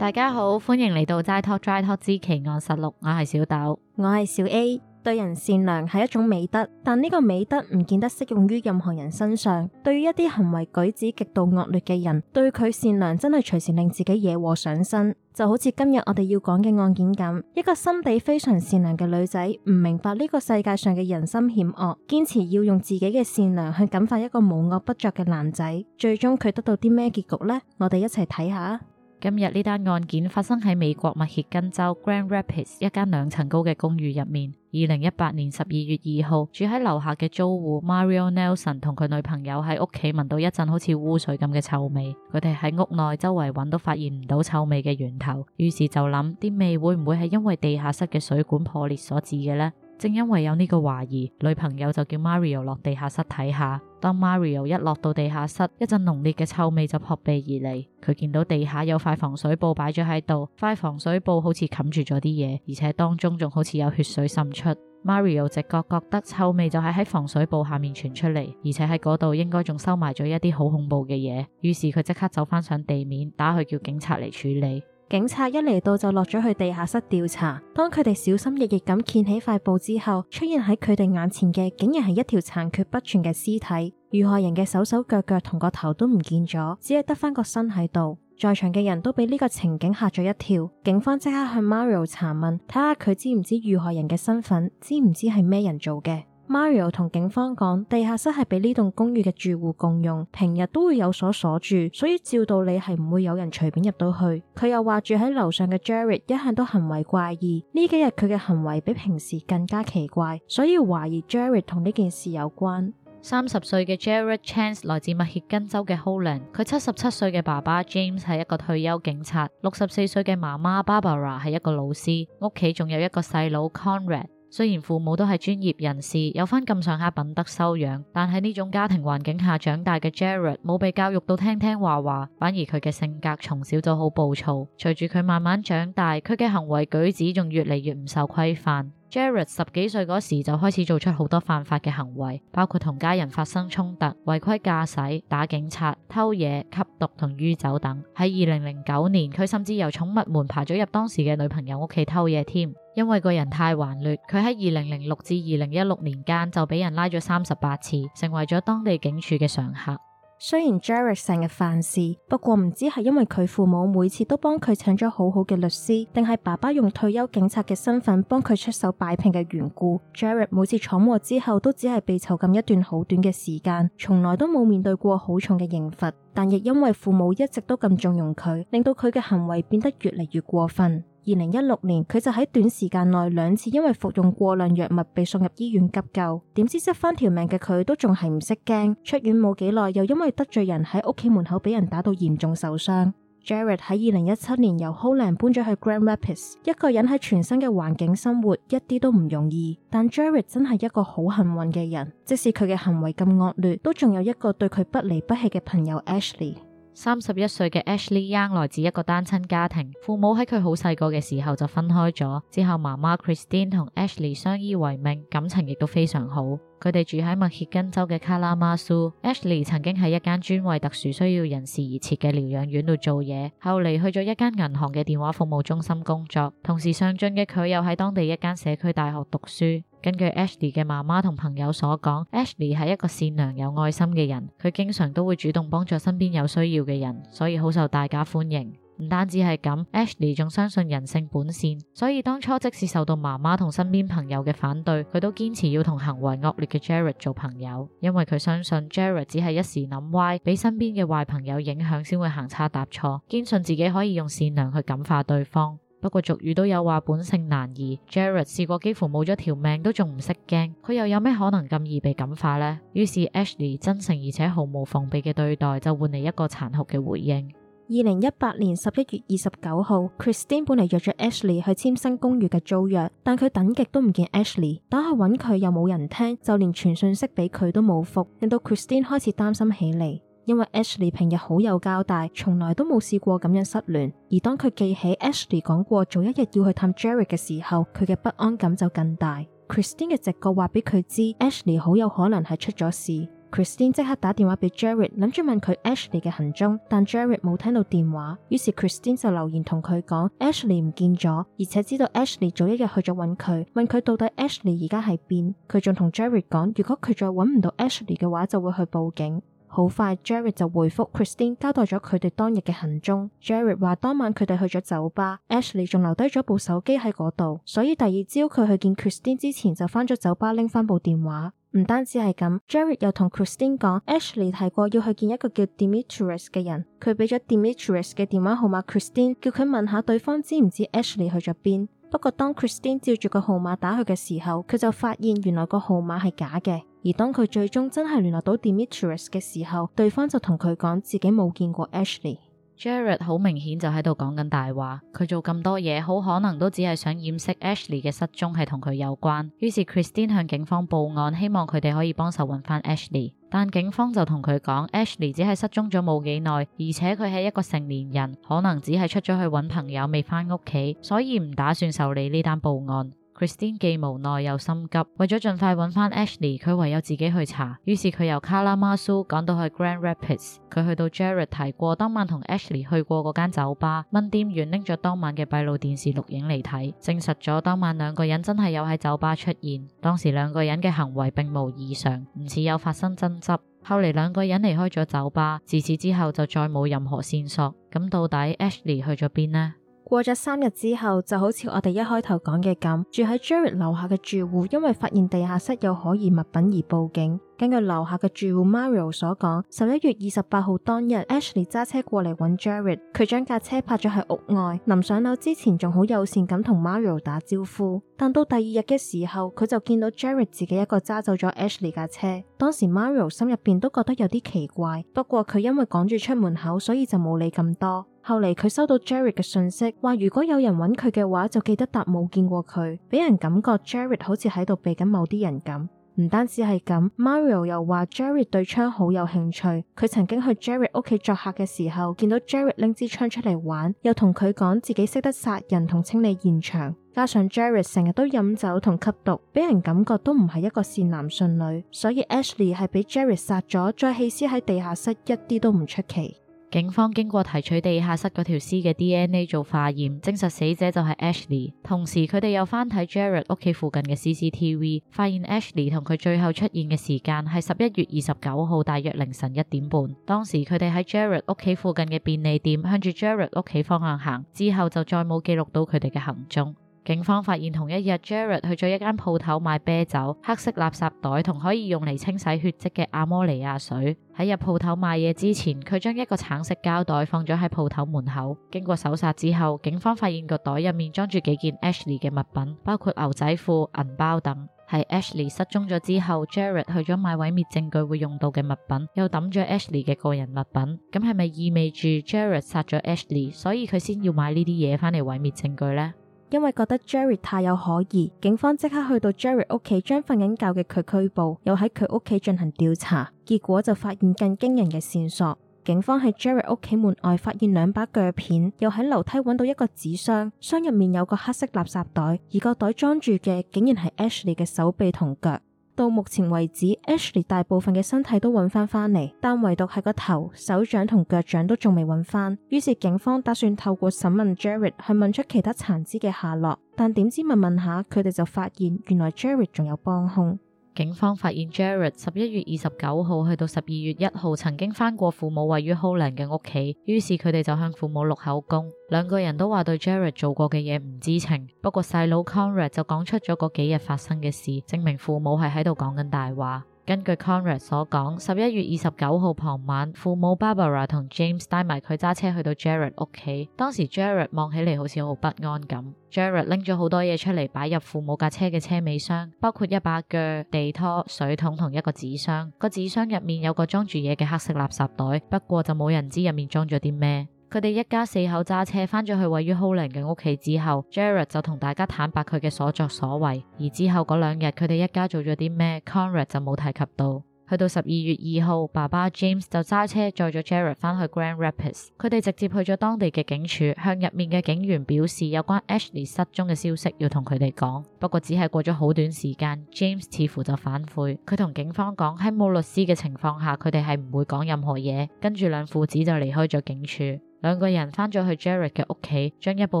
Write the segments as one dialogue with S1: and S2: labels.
S1: 大家好，歡迎嚟到齋 talk dry talk 之奇案實錄，我係小豆，
S2: 我係小 A。對人善良係一種美德，但呢個美德唔見得適用於任何人身上。對於一啲行為舉止極度惡劣嘅人，對佢善良真係隨時令自己惹禍上身。就好似今日我哋要講嘅案件咁，一個心地非常善良嘅女仔，唔明白呢個世界上嘅人心險惡，堅持要用自己嘅善良去感化一個無惡不作嘅男仔。最終佢得到啲咩結局呢？我哋一齊睇下。今日呢單案件發生喺
S1: 美國密歇根州 Grand Rapids 一間兩層高嘅公寓入面。二零一八年十二月二號，住喺樓下嘅租戶 Mario Nelson 同佢女朋友喺屋企聞到一陣好似污水咁嘅臭味。佢哋喺屋內周圍揾都發現唔到臭味嘅源頭，於是就諗啲味道會唔會係因為地下室嘅水管破裂所致嘅呢？正因為有呢個懷疑，女朋友就叫 Mario 落地下室睇下。當 Mario 一落到地下室，一陣濃烈嘅臭味就撲鼻而嚟。佢見到地下有塊防水布擺咗喺度，塊防水布好似冚住咗啲嘢，而且當中仲好似有血水滲出。Mario 直覺覺得臭味就係喺防水布下面傳出嚟，而且喺嗰度應該仲收埋咗一啲好恐怖嘅嘢。於是佢即刻走翻上地面，打去叫警察嚟處理。
S2: 警察一嚟到就落咗去地下室調查，當佢哋小心翼翼咁掀起塊布之後，出現喺佢哋眼前嘅，竟然係一條殘缺不全嘅屍體，遇害人嘅手手腳腳同個頭都唔見咗，只係得返個身喺度。在場嘅人都被呢個情景嚇咗一跳，警方即刻向 Mario 查問，睇下佢知唔知遇害人嘅身份，知唔知係咩人做嘅。Mario 同警方講，地下室係俾呢棟公寓嘅住戶共用，平日都會有鎖鎖住，所以照道理係唔會有人隨便入到去。佢又話住喺樓上嘅 Jared 一向都行為怪異，呢幾日佢嘅行為比平時更加奇怪，所以懷疑 Jared 同呢件事有關。三十歲嘅 Jared Chance 來自密歇根
S1: 州嘅 Holland，佢七十七歲嘅爸爸 James 係一個退休警察，六十四歲嘅媽媽 Barbara 係一個老師，屋企仲有一個細佬 Conrad。雖然父母都係專業人士，有翻咁上下品德修養，但喺呢種家庭環境下長大嘅 Jared 冇被教育到聽聽話話，反而佢嘅性格從小就好暴躁。隨住佢慢慢長大，佢嘅行為舉止仲越嚟越唔受規範。Jared 十幾歲嗰時就開始做出好多犯法嘅行為，包括同家人發生衝突、違規駕駛、打警察、偷嘢、吸毒同酗酒等。喺二零零九年，佢甚至由寵物門爬咗入當時嘅女朋友屋企偷嘢添。因為個人太頑劣，佢喺二零零六至二零一六年間就俾人拉咗三十八次，成為咗當地警署嘅常客。
S2: 雖然 Jared 成日犯事，不過唔知係因為佢父母每次都幫佢請咗好好嘅律師，定係爸爸用退休警察嘅身份幫佢出手擺平嘅緣故。Jared 每次闖禍之後都只係被囚禁一段好短嘅時間，從來都冇面對過好重嘅刑罰。但亦因為父母一直都咁縱容佢，令到佢嘅行為變得越嚟越過分。二零一六年，佢就喺短時間內兩次因為服用過量藥物被送入醫院急救。點知執翻條命嘅佢都仲係唔識驚，出院冇幾耐又因為得罪人喺屋企門口俾人打到嚴重受傷。Jared 喺二零一七年由 Holland 搬咗去 Grand Rapids，一個人喺全新嘅環境生活，一啲都唔容易，但 Jared 真係一個好幸運嘅人，即使佢嘅行為咁惡劣，都仲有一個對佢不離不棄嘅朋友 Ashley。
S1: 三十一歲嘅 Ashley Young 來自一個單親家庭，父母喺佢好細個嘅時候就分開咗，之後媽媽 Christine 同 Ashley 相依為命，感情亦都非常好。佢哋住喺密歇根州嘅卡拉馬蘇。Ashley 曾經喺一間專為特殊需要人士而設嘅療養院度做嘢，後嚟去咗一間銀行嘅電話服務中心工作，同時上進嘅佢又喺當地一間社區大學讀書。根據 Ashley 嘅媽媽同朋友所講，Ashley 係一個善良有愛心嘅人，佢經常都會主動幫助身邊有需要嘅人，所以好受大家歡迎。唔單止係咁，Ashley 仲相信人性本善，所以當初即使受到媽媽同身邊朋友嘅反對，佢都堅持要同行為惡劣嘅 Jared 做朋友，因為佢相信 Jared 只係一時諗歪，俾身邊嘅壞朋友影響先會行差踏錯，堅信自己可以用善良去感化對方。不過俗語都有話本性難移，Jared 試過幾乎冇咗條命都仲唔識驚，佢又有咩可能咁易被感化呢？於是 Ashley 真誠而且毫無防備嘅對待，就換嚟一個殘酷嘅回應。
S2: 二零一八年十一月二十九號，Christine 本嚟約咗 Ashley 去簽新公寓嘅租約，但佢等極都唔見 Ashley，打去揾佢又冇人聽，就連傳訊息俾佢都冇覆，令到 Christine 開始擔心起嚟。因為 Ashley 平日好有交代，從來都冇試過咁樣失聯。而當佢記起 Ashley 講過早一日要去探 Jared 嘅時候，佢嘅不安感就更大。Christine 嘅直覺話俾佢知，Ashley 好有可能係出咗事。Christine 即刻打電話俾 Jared，諗住問佢 Ashley 嘅行蹤，但 Jared 冇聽到電話，於是 Christine 就留言同佢講，Ashley 唔見咗，而且知道 Ashley 早一日去咗揾佢，問佢到底 Ashley 而家喺邊。佢仲同 Jared 講，如果佢再揾唔到 Ashley 嘅話，就會去報警。好快 Jared 就回覆 Christine 交代咗佢哋當日嘅行蹤。Jared 話當晚佢哋去咗酒吧，Ashley 仲留低咗部手機喺嗰度，所以第二朝佢去見 Christine 之前就翻咗酒吧拎翻部電話。唔單止係咁，Jared 又同 Christine 講，Ashley 提過要去見一個叫 Dimitrios 嘅人，佢俾咗 Dimitrios 嘅電話號碼 Christine，叫佢問下對方知唔知 Ashley 去咗邊。不過當 Christine 照住個號碼打佢嘅時候，佢就發現原來個號碼係假嘅。而當佢最終真係聯絡到 Dimitris 嘅時候，對方就同佢講自己冇見過 Ashley。
S1: Jared 好明顯就喺度講緊大話，佢做咁多嘢，好可能都只係想掩飾 Ashley 嘅失蹤係同佢有關。於是 Christine 向警方報案，希望佢哋可以幫手搵翻 Ashley。但警方就同佢講，Ashley 只係失蹤咗冇幾耐，而且佢係一個成年人，可能只係出咗去搵朋友未返屋企，所以唔打算受理呢單報案。Christine 既無奈又心急，為咗盡快搵返 Ashley，佢唯有自己去查。於是佢由卡拉馬蘇趕到去 Grand Rapids，佢去到 Jared 提過當晚同 Ashley 去過嗰間酒吧，問店員拎咗當晚嘅閉路電視錄影嚟睇，證實咗當晚兩個人真係有喺酒吧出現。當時兩個人嘅行為並無異常，唔似有發生爭執。後嚟兩個人離開咗酒吧，自此之後就再冇任何線索。咁到底 Ashley 去咗邊呢？
S2: 過咗三日之後，就好似我哋一開頭講嘅噉，住喺 Jared 樓下嘅住戶，因為發現地下室有可疑物品而報警。根據樓下嘅住戶 Mario 所講，十一月二十八號當日 Ashley 揸車過嚟揾 Jared，佢將架車泊咗喺屋外，臨上樓之前仲好友善咁同 Mario 打招呼。但到第二日嘅時候，佢就見到 Jared 自己一個揸走咗 Ashley 架車。當時 Mario 心入邊都覺得有啲奇怪，不過佢因為趕住出門口，所以就冇理咁多。後嚟佢收到 Jared 嘅信息，話如果有人揾佢嘅話，就記得答冇見過佢，俾人感覺 Jared 好似喺度避緊某啲人咁。唔單止係咁，Mario 又話 Jared 對槍好有興趣。佢曾經去 Jared 屋企作客嘅時候，見到 Jared 拎支槍出嚟玩，又同佢講自己識得殺人同清理現場。加上 Jared 成日都飲酒同吸毒，俾人感覺都唔係一個善男信女，所以 Ashley 係俾 Jared 殺咗，再棄屍喺地下室，一啲都唔出奇。警方經過提取
S1: 地下室嗰條屍嘅 DNA 做
S2: 化驗，證實死
S1: 者就係 Ashley。同時，佢哋又翻睇 Jared 屋企附近嘅 CCTV，發現 Ashley 同佢最後出現嘅時間係十一月二十九號大約凌晨一點半。當時佢哋喺 Jared 屋企附近嘅便利店向住 Jared 屋企方向行，之後就再冇記錄到佢哋嘅行蹤。警方發現同一日，Jared 去咗一間鋪頭買啤酒、黑色垃圾袋同可以用嚟清洗血跡嘅阿摩尼亞水。喺入鋪頭買嘢之前，佢將一個橙色膠袋放咗喺鋪頭門口。經過搜查之後，警方發現個袋入面裝住幾件 Ashley 嘅物品，包括牛仔褲、銀包等。係 Ashley 失蹤咗之後，Jared 去咗買毀滅證據會用到嘅物品，又抌咗 Ashley 嘅個人物品。咁係咪意味住 Jared 殺咗 Ashley，所以佢先要買呢啲嘢翻嚟毀滅證據呢？
S2: 因為覺得 Jared 太有可疑，警方即刻去到 Jared 屋企，將瞓緊覺嘅佢拘捕，又喺佢屋企進行調查，結果就發現更驚人嘅線索。警方喺 Jared 屋企門外發現兩把鋸片，又喺樓梯揾到一個紙箱，箱入面有個黑色垃圾袋，而個袋裝住嘅竟然係 Ashley 嘅手臂同腳。到目前為止，Ashley 大部分嘅身體都揾翻返嚟，但唯獨係個頭、手掌同腳掌都仲未揾返。於是警方打算透過審問 Jared 去問出其他殘肢嘅下落，但點知問問下，佢哋就發現原來 Jared 仲有幫兇。警方發現 Jared 十
S1: 一月二十九號去到十二月一
S2: 號曾經返過父母
S1: 位於 Holland 嘅屋企，於是佢哋就向父母錄口供，兩個人都話對 Jared 做過嘅嘢唔知情，不過細佬 Conrad 就講出咗嗰幾日發生嘅事，證明父母係喺度講緊大話。根據 Conrad 所講，十一月二十九號傍晚，父母 Barbara 同 James 帶埋佢揸車去到 Jared 屋企。當時 Jared 望起嚟好似好不安咁。Jared 拎咗好多嘢出嚟擺入父母架車嘅車尾箱，包括一把鋸、地拖、水桶同一個紙箱。個紙箱入面有個裝住嘢嘅黑色垃圾袋，不過就冇人知入面裝咗啲咩。佢哋一家四口揸車翻咗去位於 Holland 嘅屋企之後，Jared 就同大家坦白佢嘅所作所為。而之後嗰兩日佢哋一家做咗啲咩，Conrad 就冇提及到。去到十二月二號，爸爸 James 就揸車載咗 Jared 翻去 Grand Rapids，佢哋直接去咗當地嘅警署，向入面嘅警員表示有關 Ashley 失蹤嘅消息要同佢哋講。不過只係過咗好短時間，James 似乎就反悔，佢同警方講喺冇律師嘅情況下，佢哋係唔會講任何嘢。跟住兩父子就離開咗警署。兩個人翻咗去 Jared 嘅屋企，將一部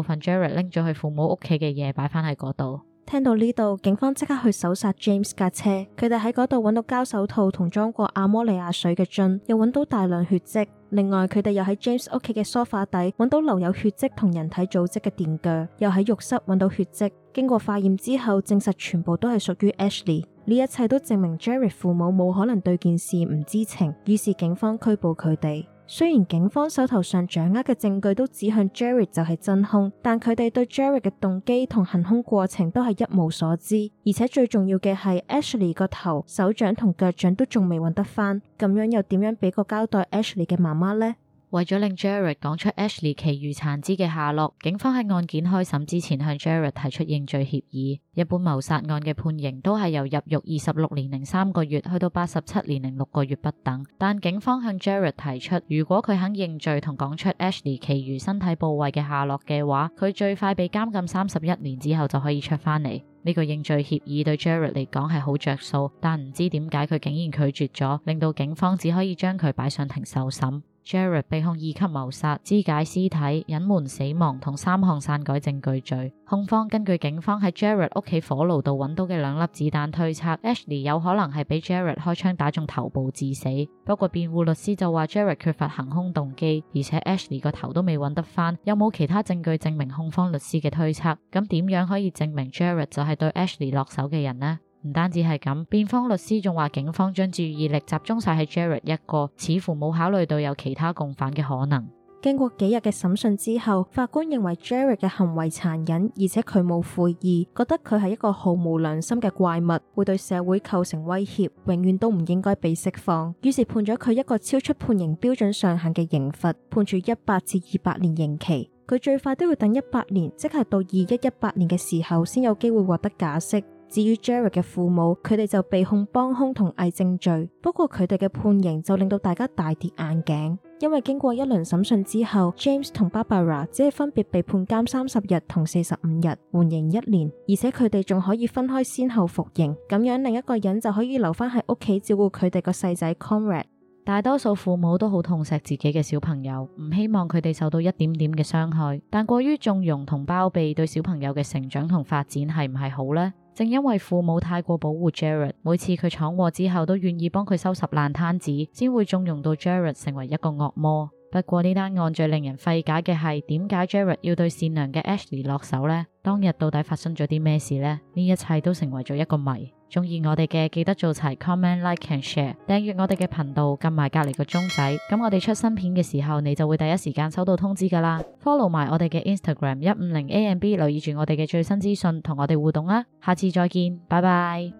S1: 分 Jared 拎咗去父母屋企嘅嘢擺翻喺嗰度。
S2: 聽到呢度，警方即刻去搜殺 James 架車，佢哋喺嗰度揾到膠手套同裝過阿摩尼亞水嘅樽，又揾到大量血跡。另外，佢哋又喺 James 屋企嘅梳化底揾到留有血跡同人體組織嘅電鋸，又喺浴室揾到血跡。經過化驗之後，證實全部都係屬於 Ashley。呢一切都證明 Jared 父母冇可能對件事唔知情，於是警方拘捕佢哋。雖然警方手頭上掌握嘅證據都指向 Jerry 就係真凶，但佢哋對 Jerry 嘅動機同行凶過程都係一無所知，而且最重要嘅係 Ashley 個頭、手掌同腳掌都仲未揾得翻，咁樣又點樣俾個交代 Ashley 嘅媽媽呢？為咗令 Jared 講出
S1: Ashley 其餘殘
S2: 肢嘅下落，警方喺案件開審
S1: 之前向 Jared 提出認罪協議。一般謀殺案嘅判刑都係由入獄二十六年零三個月去到八十七年零六個月不等，但警方向 Jared 提出，如果佢肯認罪同講出 Ashley 其餘身體部位嘅下落嘅話，佢最快被監禁三十一年之後就可以出翻嚟。呢、這個認罪協議對 Jared 嚟講係好着數，但唔知點解佢竟然拒絕咗，令到警方只可以將佢擺上庭受審。Jared 被控二級謀殺、肢解屍體、隱瞞死亡同三項篡改證據罪。控方根據警方喺 Jared 屋企火爐度揾到嘅兩粒子彈推測，Ashley 有可能係俾 Jared 開槍打中頭部致死。不過辯護律師就話 Jared 缺乏行兇動機，而且 Ashley 個頭都未揾得翻，有冇其他證據證明控方律師嘅推測？咁點樣可以證明 Jared 就係對 Ashley 落手嘅人呢？唔單止係咁，辯方律師仲話警方將注意力集中晒喺 Jared 一個，似乎冇考慮到有其他共犯嘅可能。
S2: 經過幾日嘅審訊之後，法官認為 Jared 嘅行為殘忍，而且佢冇悔意，覺得佢係一個毫無良心嘅怪物，會對社會構成威脅，永遠都唔應該被釋放。於是判咗佢一個超出判刑標準上限嘅刑罰，判處一百至二百年刑期。佢最快都要等一百年，即係到二一一八年嘅時候，先有機會獲得假釋。至於 Jared 嘅父母，佢哋就被控幫兇同偽證罪。不過佢哋嘅判刑就令到大家大跌眼鏡，因為經過一輪審訊之後，James 同 Barbara 只係分別被判監三十日同四十五日緩刑一年，而且佢哋仲可以分開先後服刑，咁樣另一個人就可以留翻喺屋企照顧佢哋個細仔 Conrad。大多數父母都好痛錫自
S1: 己嘅小朋友，唔希望佢哋受到一點點嘅傷害，但過於縱容同包庇對小朋友嘅成長同發展係唔係好呢？正因為父母太過保護 Jared，每次佢闖禍之後都願意幫佢收拾爛攤子，先會縱容到 Jared 成為一個惡魔。不過呢單案最令人費解嘅係點解 Jared 要對善良嘅 Ashley 落手呢？當日到底發生咗啲咩事呢？呢一切都成為咗一個謎。中意我哋嘅記得做齊 comment、like and share，訂閱我哋嘅頻道，撳埋隔籬個鐘仔，咁我哋出新片嘅時候，你就會第一時間收到通知㗎喇。follow 埋我哋嘅 Instagram 一五零 AMB，留意住我哋嘅最新資訊，同我哋互動啦。下次再見，拜拜。